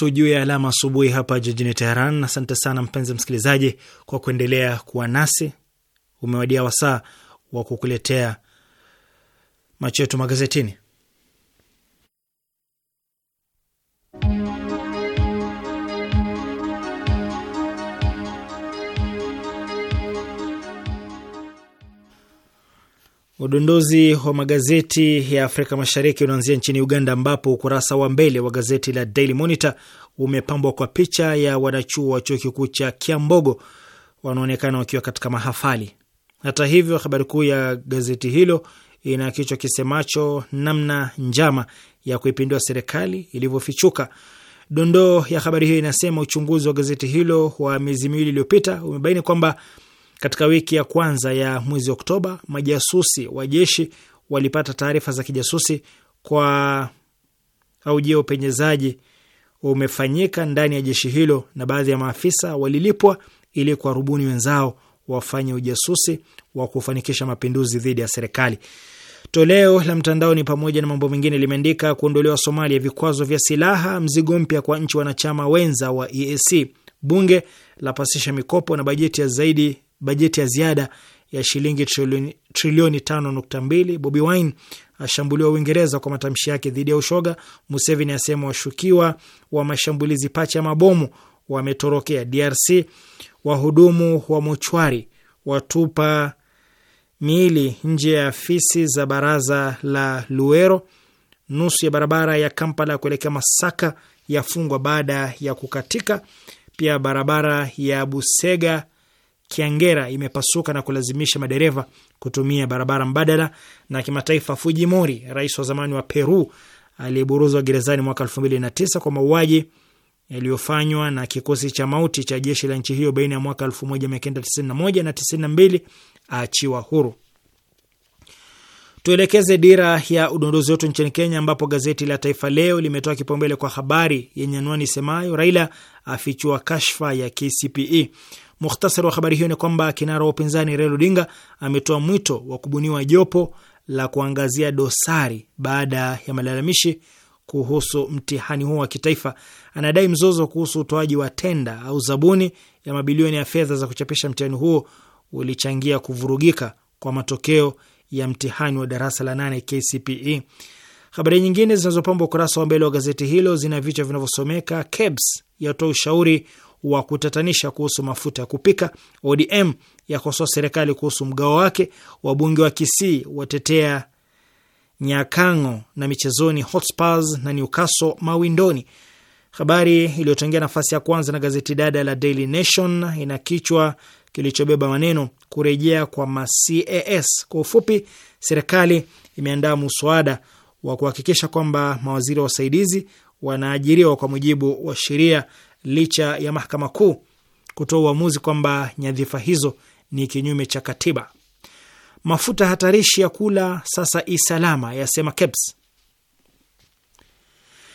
tatu juu ya alama asubuhi hapa jijini Teheran. Asante sana mpenzi msikilizaji kwa kuendelea kuwa nasi. Umewadia wasaa wa kukuletea macho yetu magazetini. Udondozi wa magazeti ya Afrika Mashariki unaanzia nchini Uganda, ambapo ukurasa wa mbele wa gazeti la Daily Monitor umepambwa kwa picha ya wanachuo wa chuo kikuu cha Kiambogo wanaonekana wakiwa katika mahafali. Hata hivyo, habari kuu ya gazeti hilo ina kichwa kisemacho namna njama ya kuipindua serikali ilivyofichuka. Dondoo ya habari hiyo inasema uchunguzi wa gazeti hilo wa miezi miwili iliyopita umebaini kwamba katika wiki ya kwanza ya mwezi Oktoba, majasusi wa jeshi walipata taarifa za kijasusi kwa aujia upenyezaji umefanyika ndani ya jeshi hilo, na baadhi ya maafisa walilipwa ili kuwarubuni wenzao wafanye ujasusi wa kufanikisha mapinduzi dhidi ya serikali. Toleo la mtandao ni pamoja na mambo mengine limeandika kuondolewa Somalia vikwazo vya silaha, mzigo mpya kwa nchi wanachama wenza wa EAC, bunge lapasisha mikopo na bajeti ya zaidi bajeti ya ziada ya shilingi trilioni, tano nukta mbili. Bobi Wine ashambuliwa Uingereza kwa matamshi yake dhidi ya ushoga. Museveni asema washukiwa wa mashambulizi pacha ya mabomu wametorokea DRC. Wahudumu wa mochwari watupa miili nje ya afisi za baraza la Luero. Nusu ya barabara ya Kampala ya kuelekea Masaka yafungwa baada ya kukatika. Pia barabara ya Busega Kiangera imepasuka na kulazimisha madereva kutumia barabara mbadala. Na kimataifa, Fujimori, rais wa zamani wa Peru aliyeburuzwa gerezani mwaka elfu mbili na tisa kwa mauaji yaliyofanywa na kikosi cha mauti cha jeshi la nchi hiyo baina ya mwaka elfu moja mia kenda tisini na moja na na tisini mbili aachiwa huru. Tuelekeze dira ya udondozi wetu nchini Kenya, ambapo gazeti la Taifa Leo limetoa kipaumbele kwa habari yenye anwani semayo Raila afichua kashfa ya KCPE. Mukhtasari wa habari hiyo ni kwamba kinara wa upinzani Raila Odinga ametoa mwito wa kubuniwa jopo la kuangazia dosari baada ya malalamishi kuhusu mtihani huo wa kitaifa. Anadai mzozo kuhusu utoaji wa tenda au zabuni ya mabilioni ya fedha za kuchapisha mtihani huo ulichangia kuvurugika kwa matokeo ya mtihani wa darasa la nane KCPE. Habari nyingine zinazopamba ukurasa wa mbele wa gazeti hilo zina vichwa vinavyosomeka KEBS yatoa ushauri wa kutatanisha kuhusu mafuta ya kupika. ODM yakosoa serikali kuhusu mgao wake. Wabunge wa Kisii watetea Nyakang'o na michezoni Hotspurs na Newcastle mawindoni. Habari iliyotengea nafasi ya kwanza na gazeti dada la Daily Nation ina kichwa kilichobeba maneno kurejea kwa macas. Kwa ufupi, serikali imeandaa muswada wa kuhakikisha kwamba mawaziri wa wasaidizi wanaajiriwa kwa mujibu wa sheria licha ya mahakama kuu kutoa uamuzi kwamba nyadhifa hizo ni kinyume cha katiba. Mafuta hatarishi ya kula sasa isalama, yasema KEBS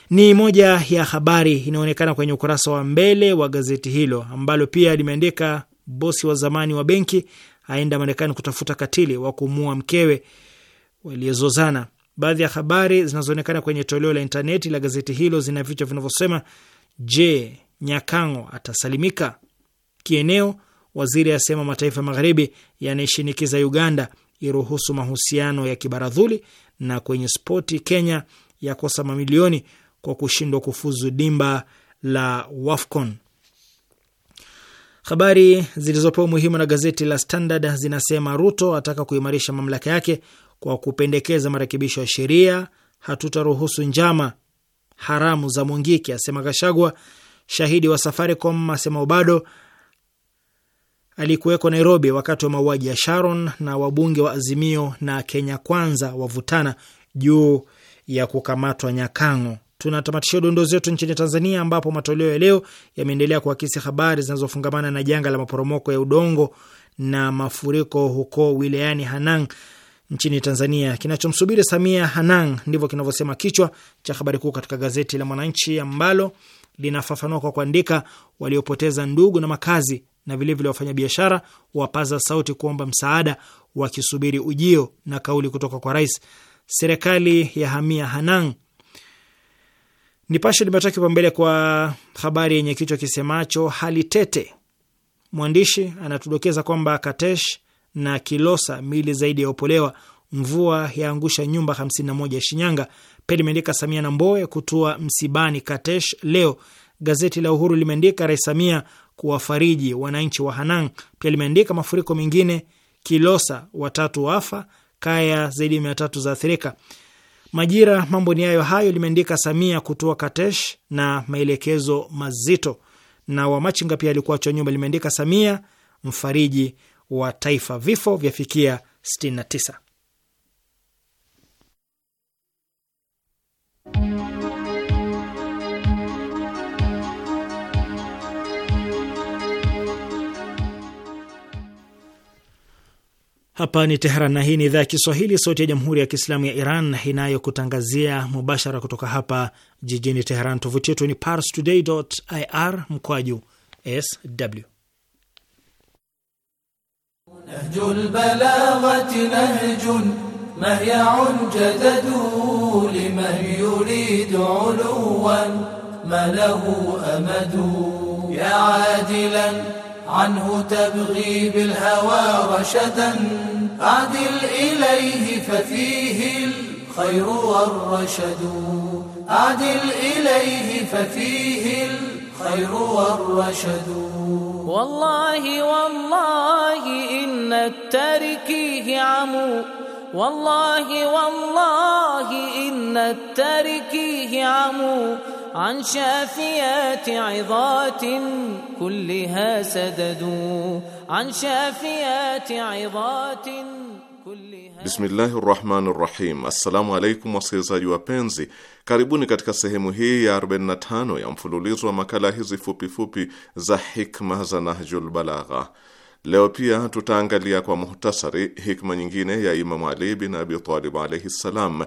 ni moja ya habari inaonekana kwenye ukurasa wa mbele wa gazeti hilo ambalo pia limeandika bosi wa zamani wa benki aenda Marekani kutafuta katili wa kumua mkewe waliyezozana. Baadhi ya habari zinazoonekana kwenye toleo la intaneti la gazeti hilo zina vichwa vinavyosema: Je, Nyakang'o atasalimika. Kieneo, waziri asema mataifa magharibi yanaishinikiza Uganda iruhusu mahusiano ya kibaradhuli. Na kwenye spoti, Kenya yakosa mamilioni kwa kushindwa kufuzu dimba la WAFCON. Habari zilizopewa umuhimu na gazeti la Standard zinasema Ruto ataka kuimarisha mamlaka yake kwa kupendekeza marekebisho ya sheria. Hatutaruhusu njama haramu za Mungiki, asema Gashagwa shahidi wa Safaricom asemao bado alikuweko Nairobi wakati wa mauaji ya Sharon, na wabunge wa Azimio na Kenya Kwanza wavutana juu ya kukamatwa Nyakang'o. Tunatamatishia udondozi zetu nchini Tanzania, ambapo matoleo ya leo yameendelea kuakisi habari zinazofungamana na janga la maporomoko ya udongo na mafuriko huko wilayani Hanang nchini Tanzania. Kinachomsubiri Samia Hanang, ndivyo kinavyosema kichwa cha habari kuu katika gazeti la Mwananchi ambalo linafafanua kwa kuandika waliopoteza ndugu na makazi na vilevile wafanyabiashara wapaza sauti kuomba msaada wakisubiri ujio na kauli kutoka kwa rais. Serikali ya hamia Hanang. Nipashe limetoa kipaumbele kwa habari yenye kichwa kisemacho hali tete. Mwandishi anatudokeza kwamba Katesh na Kilosa, mili zaidi ya opolewa, mvua yaangusha nyumba 51 ya Shinyanga. Pia limeandika Samia na Mbowe kutua msibani Katesh leo. Gazeti la Uhuru limeandika Rais Samia kuwafariji wananchi wa Hanang. Pia limeandika mafuriko mengine Kilosa, watatu wafa, kaya zaidi ya mia tatu zaathirika. Majira mambo ni hayo hayo limeandika Samia kutua Katesh na maelekezo mazito, na Wamachinga pia alikuwa cha nyumba limeandika Samia mfariji wa taifa, vifo vyafikia 69. Hapa ni Teheran na hii ni idhaa ya Kiswahili, sauti ya jamhuri ya kiislamu ya Iran inayokutangazia mubashara kutoka hapa jijini Teheran. Tovuti yetu ni parstoday.ir mkwaju sw. Nahjul عنه تبغي بالهوى رشدا أعدل إليه ففيه الخير والرشد أعدل إليه ففيه الخير والرشد والله والله إن التركيه عمو والله والله إن التركيه عمو عن شافيات عظات كلها سددوا عن شافيات عظات كلها Bismillahi rahmani الرحيم Assalamu alaikum wasikilizaji wapenzi, karibuni katika sehemu hii ya 45 ya mfululizo wa makala hizi fupifupi za hikma za Nahjul Balagha. Leo pia tutaangalia kwa muhtasari hikma nyingine ya Imamu Ali bin Abi Talib alaihi ssalam,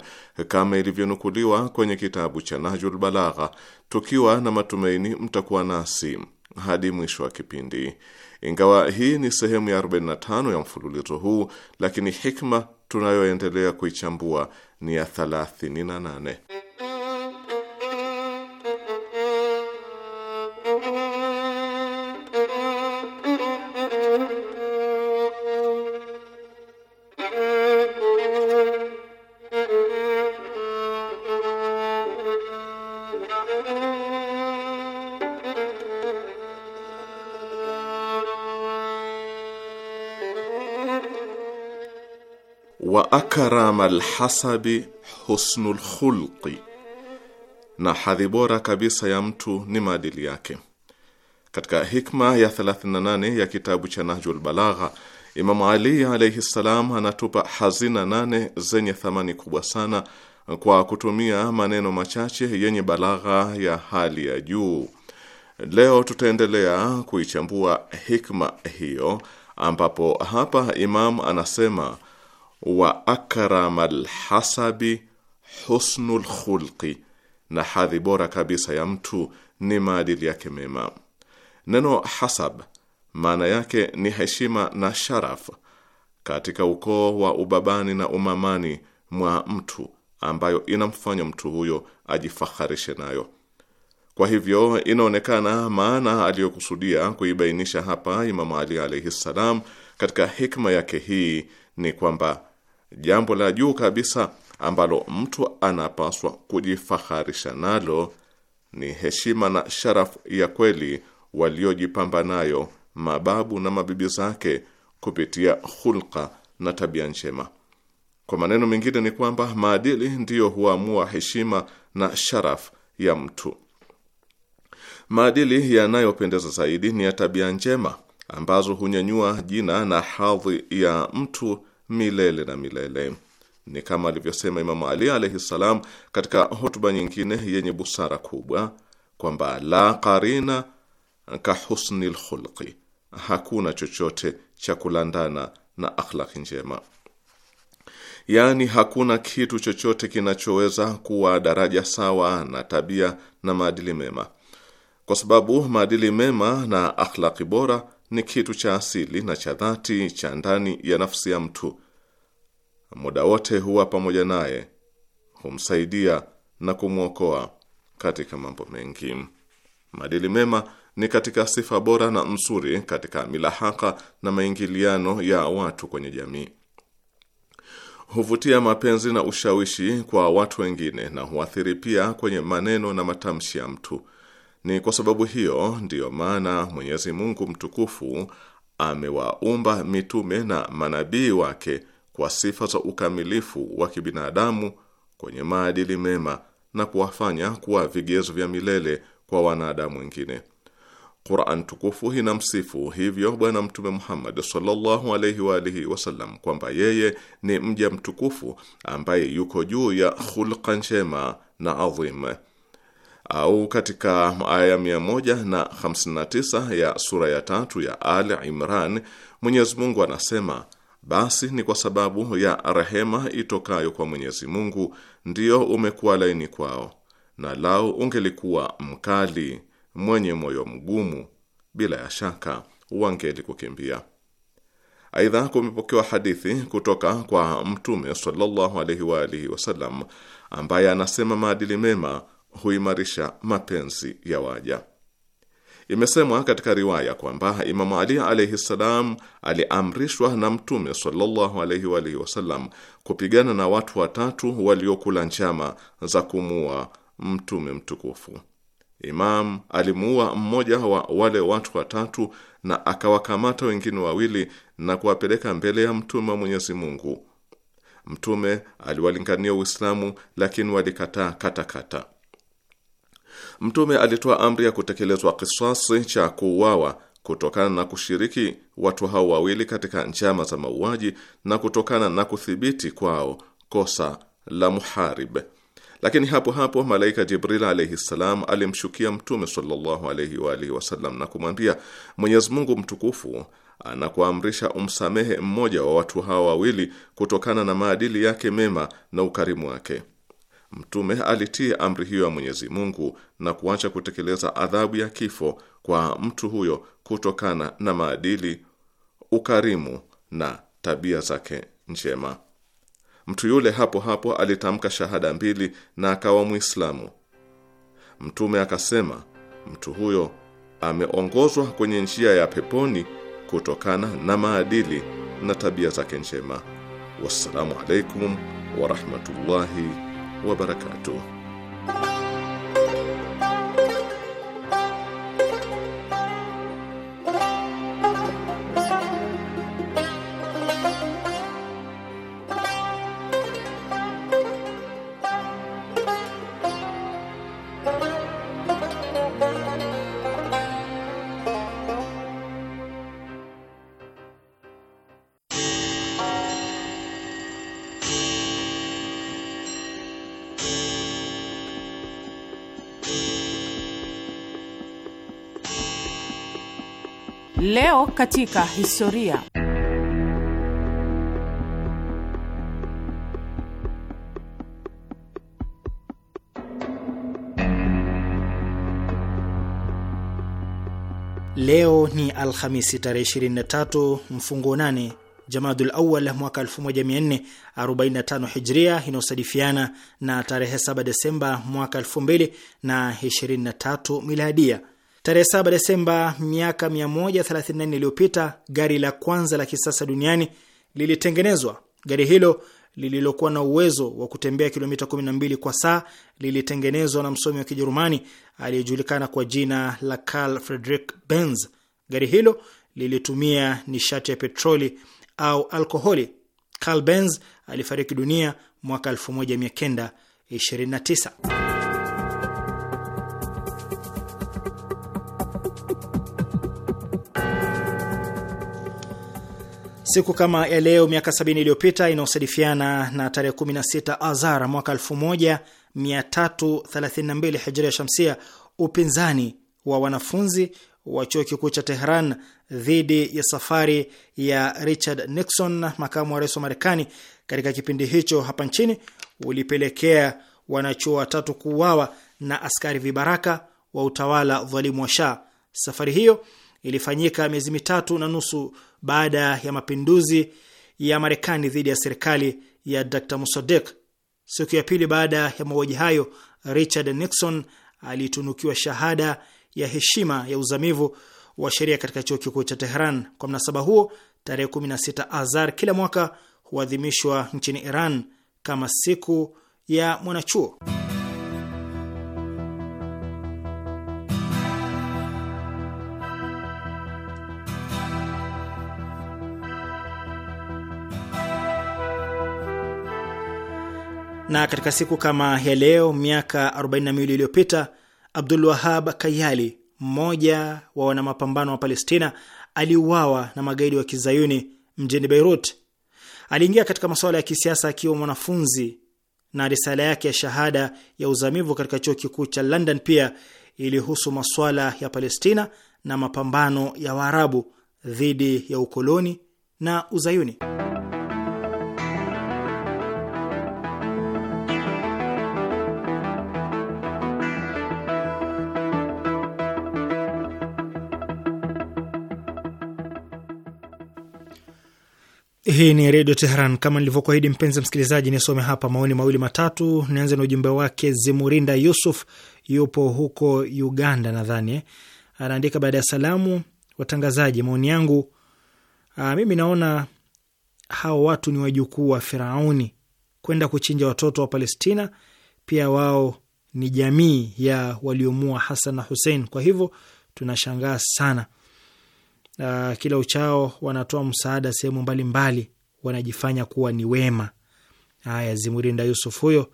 kama ilivyonukuliwa kwenye kitabu cha Nahjul Balagha, tukiwa na matumaini mtakuwa nasi hadi mwisho wa kipindi. Ingawa hii ni sehemu ya 45 ya mfululizo huu, lakini hikma tunayoendelea kuichambua ni ya 38. kama lhasabi husnul khulqi, na hadhi bora kabisa ya mtu ni maadili yake. Katika hikma ya 38 ya kitabu cha Nahjul Balagha, Imamu Ali alaihi ssalam anatupa hazina nane zenye thamani kubwa sana kwa kutumia maneno machache yenye balagha ya hali ya juu. Leo tutaendelea kuichambua hikma hiyo, ambapo hapa Imam anasema wa akram alhasabi husnu lkhulqi, na hadhi bora kabisa ya mtu ni maadili yake mema. Neno hasab maana yake ni heshima na sharaf katika ukoo wa ubabani na umamani mwa mtu, ambayo inamfanya mtu huyo ajifaharishe nayo. Kwa hivyo inaonekana maana aliyokusudia kuibainisha hapa Imamu Ali alaihi ssalam katika hikma yake hii ni kwamba jambo la juu kabisa ambalo mtu anapaswa kujifaharisha nalo ni heshima na sharafu ya kweli waliojipamba nayo mababu na mabibi zake kupitia hulka na tabia njema. Kwa maneno mengine, ni kwamba maadili ndiyo huamua heshima na sharafu ya mtu. Maadili yanayopendeza zaidi ni ya tabia njema ambazo hunyanyua jina na hadhi ya mtu milele na milele. Ni kama alivyosema Imamu Ali alaihi ssalam katika hotuba nyingine yenye busara kubwa kwamba la qarina ka husnil hakuna chochote cha kulandana na akhlaki njema. Yaani, hakuna kitu chochote kinachoweza kuwa daraja sawa na tabia na maadili mema, kwa sababu maadili mema na akhlaki bora ni kitu cha asili na cha dhati cha ndani ya nafsi ya mtu. Muda wote huwa pamoja naye, humsaidia na kumwokoa katika mambo mengi. Maadili mema ni katika sifa bora na nzuri katika milahaka na maingiliano ya watu kwenye jamii. Huvutia mapenzi na ushawishi kwa watu wengine na huathiri pia kwenye maneno na matamshi ya mtu. Ni kwa sababu hiyo ndiyo maana Mwenyezi Mungu mtukufu amewaumba mitume na manabii wake kwa sifa za ukamilifu wa kibinadamu kwenye maadili mema na kuwafanya kuwa vigezo vya milele kwa wanadamu wengine. Qur'an tukufu msifu hivyo Bwana Mtume Muhammad sallallahu wa alihi wasallam kwamba yeye ni mja mtukufu ambaye yuko juu ya khulqa njema na adhim au katika aya 159 ya sura ya tatu ya Al Imran, Mwenyezi Mungu anasema, basi ni kwa sababu ya rehema itokayo kwa Mwenyezi Mungu ndiyo umekuwa laini kwao, na lau ungelikuwa mkali mwenye moyo mgumu, bila ya shaka kukimbia Aidha, kumepokewa hadithi kutoka kwa Mtume sallallahu alaihi wa alihi wasallam ambaye anasema maadili mema huimarisha mapenzi ya waja. Imesemwa katika riwaya kwamba Imamu Ali alaihi ssalam aliamrishwa na Mtume sallallahu alaihi wa alihi wasallam kupigana na watu watatu waliokula njama za kumuua Mtume mtukufu. Imam alimuua mmoja wa wale watu watatu na akawakamata wengine wawili na kuwapeleka mbele ya Mtume wa Mwenyezi Mungu. Mtume aliwalingania Uislamu, lakini walikataa katakata. Mtume alitoa amri ya kutekelezwa kisasi cha kuuawa kutokana na kushiriki watu hao wawili katika njama za mauaji na kutokana na kuthibiti kwao kosa la muharib. Lakini hapo hapo malaika Jibril alaihi ssalam alimshukia Mtume sallallahu alaihi wa alihi wasallam na kumwambia, Mwenyezi Mungu mtukufu anakuamrisha umsamehe mmoja wa watu hawa wawili kutokana na maadili yake mema na ukarimu wake. Mtume alitii amri hiyo ya Mwenyezi Mungu na kuacha kutekeleza adhabu ya kifo kwa mtu huyo kutokana na maadili, ukarimu na tabia zake njema. Mtu yule hapo hapo alitamka shahada mbili na akawa Mwislamu. Mtume akasema mtu huyo ameongozwa kwenye njia ya peponi kutokana na maadili na tabia zake njema. Wassalamu alaikum warahmatullahi wabarakatuh. Leo katika historia. Leo ni Alhamisi tarehe 23 mfungo 8 Jamadul Awal mwaka 1445 Hijria, inayosadifiana na tarehe 7 Desemba mwaka 2023 Miladia. Tarehe 7 Desemba miaka 134 iliyopita gari la kwanza la kisasa duniani lilitengenezwa. Gari hilo lililokuwa na uwezo wa kutembea kilomita 12 kwa saa lilitengenezwa na msomi wa Kijerumani aliyejulikana kwa jina la Carl Friedrich Benz. Gari hilo lilitumia nishati ya petroli au alkoholi. Carl Benz alifariki dunia mwaka 1929. Siku kama ya leo miaka 70 iliyopita inaosadifiana na tarehe 16 Azar mwaka 1332 Hijria Shamsia, upinzani wa wanafunzi wa chuo kikuu cha Tehran dhidi ya safari ya Richard Nixon, makamu wa rais wa Marekani, katika kipindi hicho hapa nchini ulipelekea wanachuo watatu kuuawa na askari vibaraka wa utawala dhalimu wa Shah. Safari hiyo ilifanyika miezi mitatu na nusu baada ya mapinduzi ya Marekani dhidi ya serikali ya Dr Musadik. Siku ya pili baada ya mauaji hayo, Richard Nixon alitunukiwa shahada ya heshima ya uzamivu wa sheria katika chuo kikuu cha Tehran. Kwa mnasaba huo, tarehe 16 Azar kila mwaka huadhimishwa nchini Iran kama siku ya mwanachuo. Na katika siku kama ya leo miaka 42 iliyopita Abdul Wahab Kayali, mmoja wa wanamapambano wa Palestina, aliuawa na magaidi wa kizayuni mjini Beirut. Aliingia katika masuala ya kisiasa akiwa mwanafunzi, na risala yake ya shahada ya uzamivu katika chuo kikuu cha London pia ilihusu masuala ya Palestina na mapambano ya Waarabu dhidi ya ukoloni na uzayuni. Hii ni Redio Teheran. Kama nilivyokuahidi, mpenzi msikilizaji, nisome hapa maoni mawili matatu. Nianze na ujumbe wake Zimurinda Yusuf, yupo huko Uganda nadhani, anaandika baada ya salamu, watangazaji, maoni yangu aa, ah, mimi naona hao watu ni wajukuu wa Firauni kwenda kuchinja watoto wa Palestina. Pia wao ni jamii ya waliomua Hasan na Husein, kwa hivyo tunashangaa sana uh, kila uchao wanatoa msaada sehemu mbalimbali, wanajifanya kuwa ni wema. Haya, Zimurinda Yusuf huyo,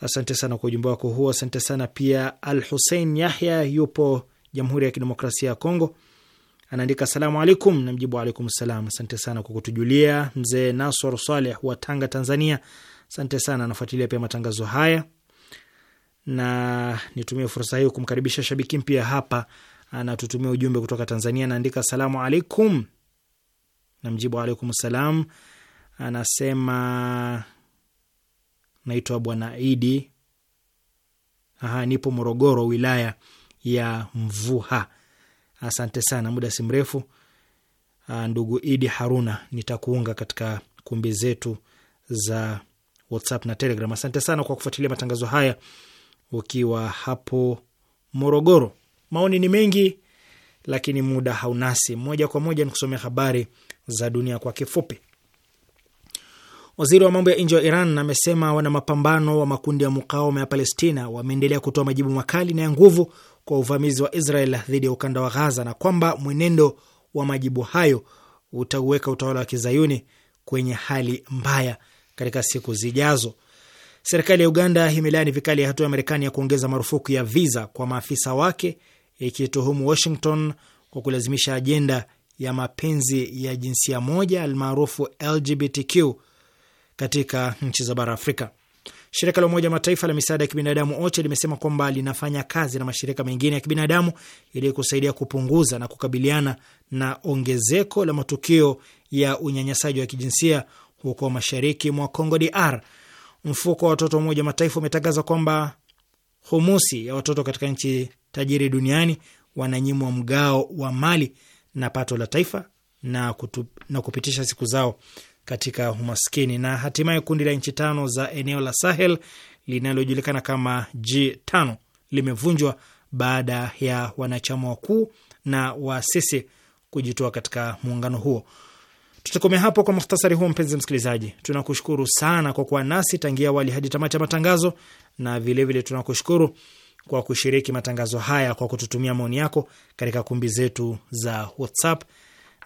asante sana kwa ujumbe wako huo, asante sana pia. Al Husein Yahya yupo Jamhuri ya Kidemokrasia ya Kongo, anaandika salamu alaikum, na mjibu alaikum salam. Asante sana kwa kutujulia. Mzee Nasor Saleh wa Tanga, Tanzania, asante sana, anafuatilia pia matangazo haya, na nitumie fursa hiyo kumkaribisha shabiki mpya hapa anatutumia ah, ujumbe kutoka Tanzania, anaandika salamu alaikum, namjibu alaikum salam. Anasema naitwa Bwana Idi, aha, nipo Morogoro, wilaya ya Mvuha. Asante sana, muda si mrefu ah, ndugu Idi Haruna, nitakuunga katika kumbi zetu za WhatsApp na Telegram. Asante sana kwa kufuatilia matangazo haya ukiwa hapo Morogoro. Maoni ni mengi, lakini muda haunasi. Moja kwa moja nikusomea habari za dunia kwa kifupi. Waziri wa mambo ya nje wa Iran amesema wana mapambano wa makundi ya mukawama ya Palestina wameendelea kutoa majibu makali na ya nguvu kwa uvamizi wa Israel dhidi ya ukanda wa Ghaza na kwamba mwenendo wa majibu hayo utauweka utawala wa kizayuni kwenye hali mbaya katika siku zijazo. Serikali ya Uganda imelaani vikali ya hatua ya Marekani ya kuongeza marufuku ya viza kwa maafisa wake ikituhumu Washington kwa kulazimisha ajenda ya mapenzi ya jinsia moja almaarufu LGBTQ katika nchi za bara Afrika. Shirika la Umoja wa Mataifa la misaada ya kibinadamu OCHA limesema kwamba linafanya kazi na mashirika mengine ya kibinadamu ili kusaidia kupunguza na kukabiliana na ongezeko la matukio ya unyanyasaji wa kijinsia huko mashariki mwa Congo DR. Mfuko wa watoto wa Umoja wa Mataifa umetangaza kwamba humusi ya watoto katika nchi tajiri duniani wananyimwa mgao wa mali na pato la taifa na, kutu, na kupitisha siku zao katika umaskini. Na hatimaye kundi la nchi tano za eneo la Sahel linalojulikana kama G5 limevunjwa baada ya wanachama wakuu na waasisi kujitoa katika muungano huo. Tutakomea hapo kwa muhtasari huo. Mpenzi msikilizaji, tunakushukuru sana kwa kuwa nasi tangia awali hadi tamati ya matangazo, na vilevile tunakushukuru kwa kushiriki matangazo haya kwa kututumia maoni yako katika kumbi zetu za WhatsApp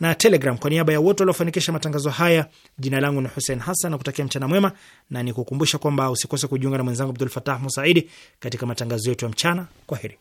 na Telegram. Kwa niaba ya wote waliofanikisha matangazo haya, jina langu ni Hussein Hassan na kutakia mchana mwema, na nikukumbusha kwamba usikose kujiunga na mwenzangu Abdul Fatah Musaidi katika matangazo yetu ya mchana. Kwa heri.